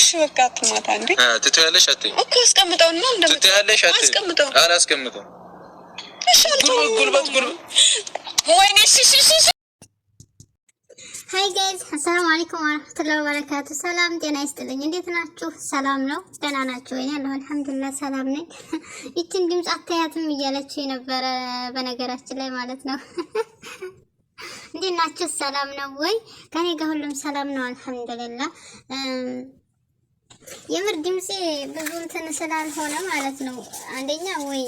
እሺ በቃ አትማታ እንዴ ትተያለሽ አትይ እኮ አስቀምጠውና እንደምት ትተያለሽ አትይኝ አስቀምጠው አላስቀምጠው እሺ አልተውም ጉልበት ጉልበት ወይኔ እሺ እሺ እሺ ሀይ ጋይዝ አሰላሙ አለይኩም ወረህመቱላሂ ወበረካቱ። ሰላም ጤና ይስጥልኝ። እንዴት ናችሁ? ሰላም ነው? ደህና ናችሁ ወይ? ያለሁ አልሐምዱሊላህ ሰላም ነኝ። ይችን ድምፅ አታያትም እያለች የነበረ በነገራችን ላይ ማለት ነው። እንዴት ናችሁ? ሰላም ነው ወይ? ከኔ ጋር ሁሉም ሰላም ነው አልሐምዱሊላህ። የምር ድምፄ ብዙ እንትን ስላልሆነ ማለት ነው። አንደኛ ወይ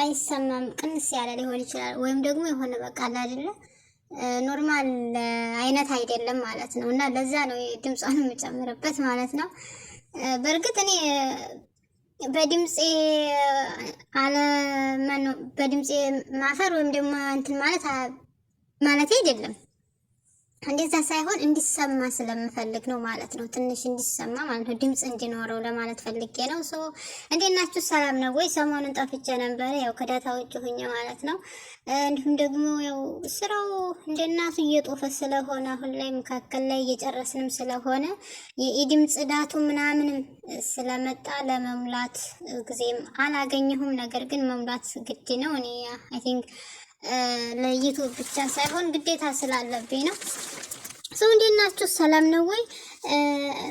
አይሰማም ቅንስ ያለ ሊሆን ይችላል፣ ወይም ደግሞ የሆነ በቃ አይደለ ኖርማል አይነት አይደለም ማለት ነው። እና ለዛ ነው ድምጿን የምጨምርበት ማለት ነው። በእርግጥ እኔ በድምፄ አለ በድምፄ ማፈር ወይም ደግሞ እንትን ማለት ማለት አይደለም እንደዛ ሳይሆን እንዲሰማ ስለምፈልግ ነው ማለት ነው። ትንሽ እንዲሰማ ማለት ነው፣ ድምፅ እንዲኖረው ለማለት ፈልጌ ነው። ሶ እንዴት ናችሁ? ሰላም ነው ወይ? ሰሞኑን ጠፍቼ ነበረ፣ ያው ከዳታ ውጭ ሁኜ ማለት ነው። እንዲሁም ደግሞ ያው ስራው እንደ እናቱ እየጦፈ ስለሆነ አሁን ላይ መካከል ላይ እየጨረስንም ስለሆነ የድምፅ ዳቱ ምናምንም ስለመጣ ለመሙላት ጊዜም አላገኘሁም። ነገር ግን መሙላት ግድ ነው። እኔ አይ ቲንክ ለዩቱብ ብቻ ሳይሆን ግዴታ ስላለብኝ ነው። ሰው እንዴት ናችሁ? ሰላም ነው ወይ?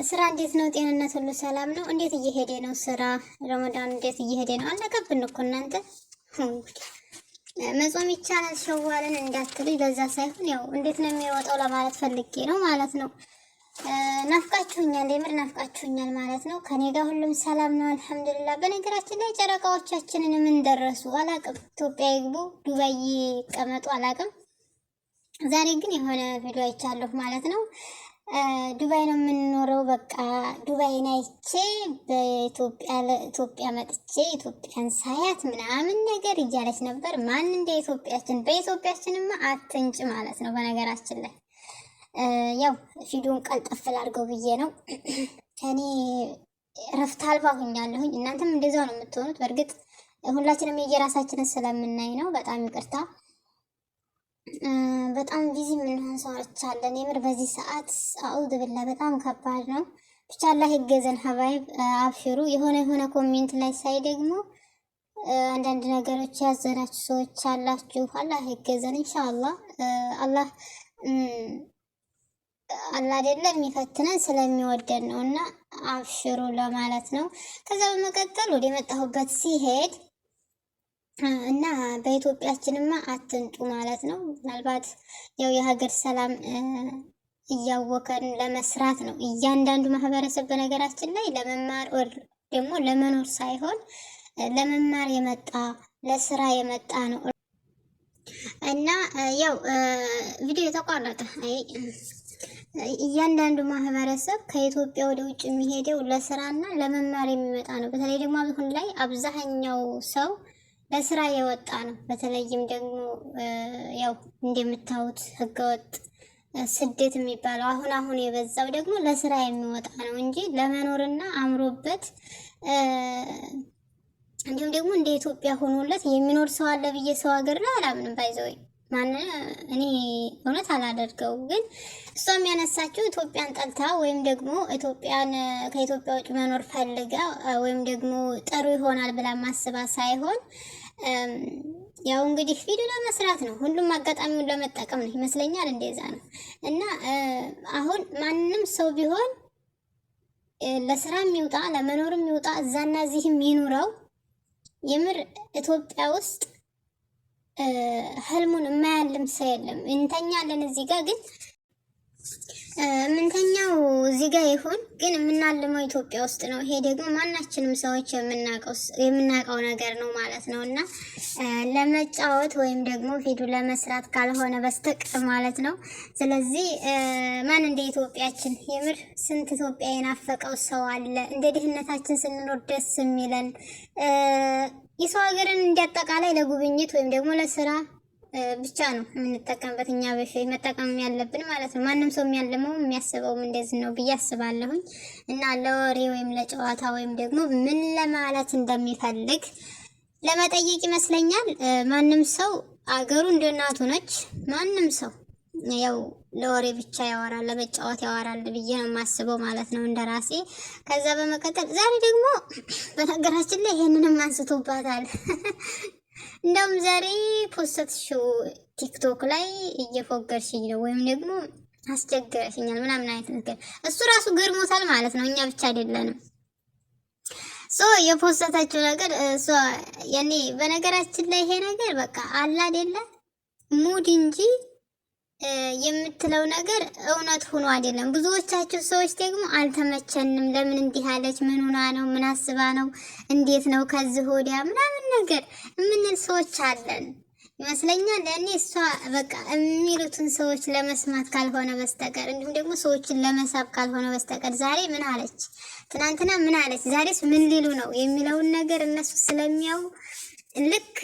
ስራ እንዴት ነው? ጤንነት ሁሉ ሰላም ነው? እንዴት እየሄደ ነው? ስራ ረመዳን እንዴት እየሄደ ነው? አለቀብን እኮ እናንተ መጾም ይቻላል ሸዋልን እንዳትሉኝ፣ በዛ ሳይሆን ያው እንዴት ነው የሚወጣው ለማለት ፈልጌ ነው ማለት ነው። ናፍቃችሁኛል፣ የምር ናፍቃችሁኛል ማለት ነው። ከኔ ጋር ሁሉም ሰላም ነው አልሐምዱሊላ። በነገራችን ላይ ጨረቃዎቻችንን ምን ደረሱ አላቅም። ኢትዮጵያ ይግቡ ዱባይ ይቀመጡ አላቅም። ዛሬ ግን የሆነ ቪዲዮ አይቻለሁ ማለት ነው። ዱባይ ነው የምንኖረው። በቃ ዱባይን አይቼ በኢትዮጵያ መጥቼ ኢትዮጵያን ሳያት ምናምን ነገር እያለች ነበር። ማን እንደ ኢትዮጵያችን በኢትዮጵያችንማ አትንጭ ማለት ነው በነገራችን ላይ ያው ቪዲዮን ቀልጠፍ ላድርገው ብዬ ነው። እኔ እረፍት አልባ ሆኛለሁኝ። እናንተም እንደዛው ነው የምትሆኑት። በእርግጥ ሁላችንም የየራሳችንን ስለምናይ ነው። በጣም ይቅርታ። በጣም ቢዚ የምንሆን ሰዎች አለን። የምር በዚህ ሰዓት አውድ ብላ በጣም ከባድ ነው። ብቻ ላ ህገዘን ሀባይብ አብሽሩ። የሆነ የሆነ ኮሜንት ላይ ሳይ ደግሞ አንዳንድ ነገሮች ያዘናችሁ ሰዎች አላችሁ። አላህ ህገዘን ኢንሻአላህ አላህ አላደለ የሚፈትነን ስለሚወደን ነው እና አብሽሩ ለማለት ነው። ከዛ በመቀጠል ወደ የመጣሁበት ሲሄድ እና በኢትዮጵያችንማ አትንጡ ማለት ነው። ምናልባት ያው የሀገር ሰላም እያወቀን ለመስራት ነው። እያንዳንዱ ማህበረሰብ በነገራችን ላይ ለመማር ወር ደግሞ ለመኖር ሳይሆን ለመማር የመጣ ለስራ የመጣ ነው እና ያው ቪዲዮ የተቋረጠ እያንዳንዱ ማህበረሰብ ከኢትዮጵያ ወደ ውጭ የሚሄደው ለስራና ለመማር የሚመጣ ነው። በተለይ ደግሞ አሁን ላይ አብዛኛው ሰው ለስራ የወጣ ነው። በተለይም ደግሞ ያው እንደምታዩት ህገወጥ ስደት የሚባለው አሁን አሁን የበዛው ደግሞ ለስራ የሚወጣ ነው እንጂ ለመኖርና አምሮበት እንዲሁም ደግሞ እንደ ኢትዮጵያ ሆኖለት የሚኖር ሰው አለ ብዬ ሰው ሀገር ላይ አላምንም ባይዘወይ ማን እኔ እውነት አላደርገው ግን እሷም ያነሳችው ኢትዮጵያን ጠልታ ወይም ደግሞ ኢትዮጵያን ከኢትዮጵያ ውጭ መኖር ፈልጋ ወይም ደግሞ ጥሩ ይሆናል ብላ ማስባ ሳይሆን ያው እንግዲህ ቪዲዮ ለመስራት ነው። ሁሉም አጋጣሚውን ለመጠቀም ነው ይመስለኛል። እንደዛ ነው እና አሁን ማንም ሰው ቢሆን ለስራ የሚውጣ ለመኖር የሚውጣ እዛና እዚህም ይኑረው የምር ኢትዮጵያ ውስጥ ህልሙን የማያልም ሰው የለም። እንተኛለን እዚህ ጋር ግን ምንተኛ ይሁን ግን የምናልመው ኢትዮጵያ ውስጥ ነው። ይሄ ደግሞ ማናችንም ሰዎች የምናውቀው ነገር ነው ማለት ነው እና ለመጫወት ወይም ደግሞ ቪዲዮ ለመስራት ካልሆነ በስተቀር ማለት ነው። ስለዚህ ማን እንደ ኢትዮጵያችን የምር ስንት ኢትዮጵያ የናፈቀው ሰው አለ። እንደ ድህነታችን ስንኖር ደስ የሚለን የሰው ሀገርን እንዲያጠቃላይ ለጉብኝት ወይም ደግሞ ለስራ ብቻ ነው የምንጠቀምበት እኛ በፊት መጠቀም ያለብን ማለት ነው። ማንም ሰው የሚያለመው የሚያስበውም እንደዚህ ነው ብዬ አስባለሁኝ። እና ለወሬ ወይም ለጨዋታ ወይም ደግሞ ምን ለማለት እንደሚፈልግ ለመጠየቅ ይመስለኛል። ማንም ሰው አገሩ እንደ እናቱ ነች። ማንም ሰው ያው ለወሬ ብቻ ያወራል፣ ለመጫወት ያወራል ብዬ ነው የማስበው ማለት ነው እንደ ራሴ። ከዛ በመቀጠል ዛሬ ደግሞ በነገራችን ላይ ይህንንም አንስቶባታል እንደውም ዛሬ ፖስተትሽው ቲክቶክ ላይ እየፎገርሽኝ ነው ወይም ደግሞ አስቸግረሽኛል ምናምን አይነት ነገር እሱ ራሱ ገርሞታል ማለት ነው። እኛ ብቻ አይደለንም። ሶ የፖስተታችው ነገር ሶ ያኔ በነገራችን ላይ ይሄ ነገር በቃ አላ አይደለ ሙድ እንጂ የምትለው ነገር እውነት ሆኖ አይደለም። ብዙዎቻችሁ ሰዎች ደግሞ አልተመቸንም፣ ለምን እንዲህ አለች፣ ምን ሆና ነው፣ ምን አስባ ነው፣ እንዴት ነው ከዚህ ወዲያ ምናምን ነገር የምንል ሰዎች አለን ይመስለኛል። ለእኔ እሷ በቃ የሚሉትን ሰዎች ለመስማት ካልሆነ በስተቀር እንዲሁም ደግሞ ሰዎችን ለመሳብ ካልሆነ በስተቀር ዛሬ ምን አለች፣ ትናንትና ምን አለች፣ ዛሬስ ምን ሊሉ ነው የሚለውን ነገር እነሱ ስለሚያው ልክ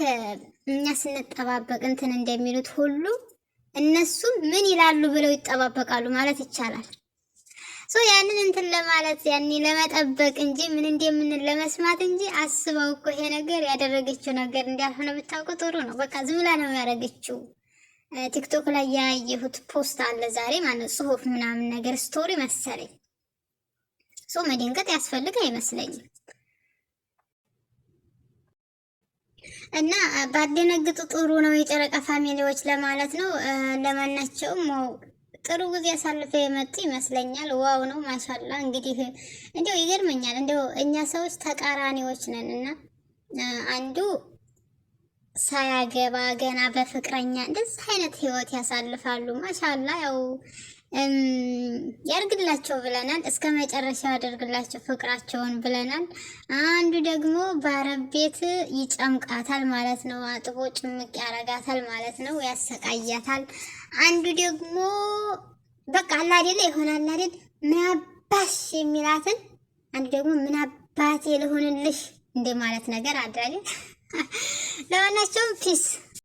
እኛ ስንጠባበቅ እንትን እንደሚሉት ሁሉ እነሱም ምን ይላሉ ብለው ይጠባበቃሉ ማለት ይቻላል። ሶ ያንን እንትን ለማለት ያኔ ለመጠበቅ እንጂ ምን እንደምን ለመስማት እንጂ አስበው እኮ ይሄ ነገር ያደረገችው ነገር እንዳልሆነ ብታውቁ ጥሩ ነው። በቃ ዝምላ ነው ያደረገችው። ቲክቶክ ላይ ያየሁት ፖስት አለ ዛሬ ማለት ጽሁፍ ምናምን ነገር ስቶሪ መሰለኝ። ሶ መደንገጥ ያስፈልግ አይመስለኝም። እና ባደነግጡ ጥሩ ነው የጨረቃ ፋሚሊዎች ለማለት ነው ለማናቸውም ጥሩ ጊዜ አሳልፈው የመጡ ይመስለኛል። ዋው ነው ማሻላ። እንግዲህ እንዲያው ይገርመኛል። እንዲያው እኛ ሰዎች ተቃራኒዎች ነን እና አንዱ ሳያገባ ገና በፍቅረኛ እንደዚህ አይነት ህይወት ያሳልፋሉ። ማሻላ ያው ያርግላቸው ብለናል። እስከ መጨረሻ ያደርግላቸው ፍቅራቸውን ብለናል። አንዱ ደግሞ በአረብ ቤት ይጨምቃታል ማለት ነው። አጥቦ ጭምቅ ያረጋታል ማለት ነው። ያሰቃያታል። አንዱ ደግሞ በቃ አላደለ ይሆናል አይደል? ምናባሽ የሚላትን አንዱ ደግሞ ምናባቴ ልሆንልሽ እንደ ማለት ነገር አዳለ Lahana çok pis.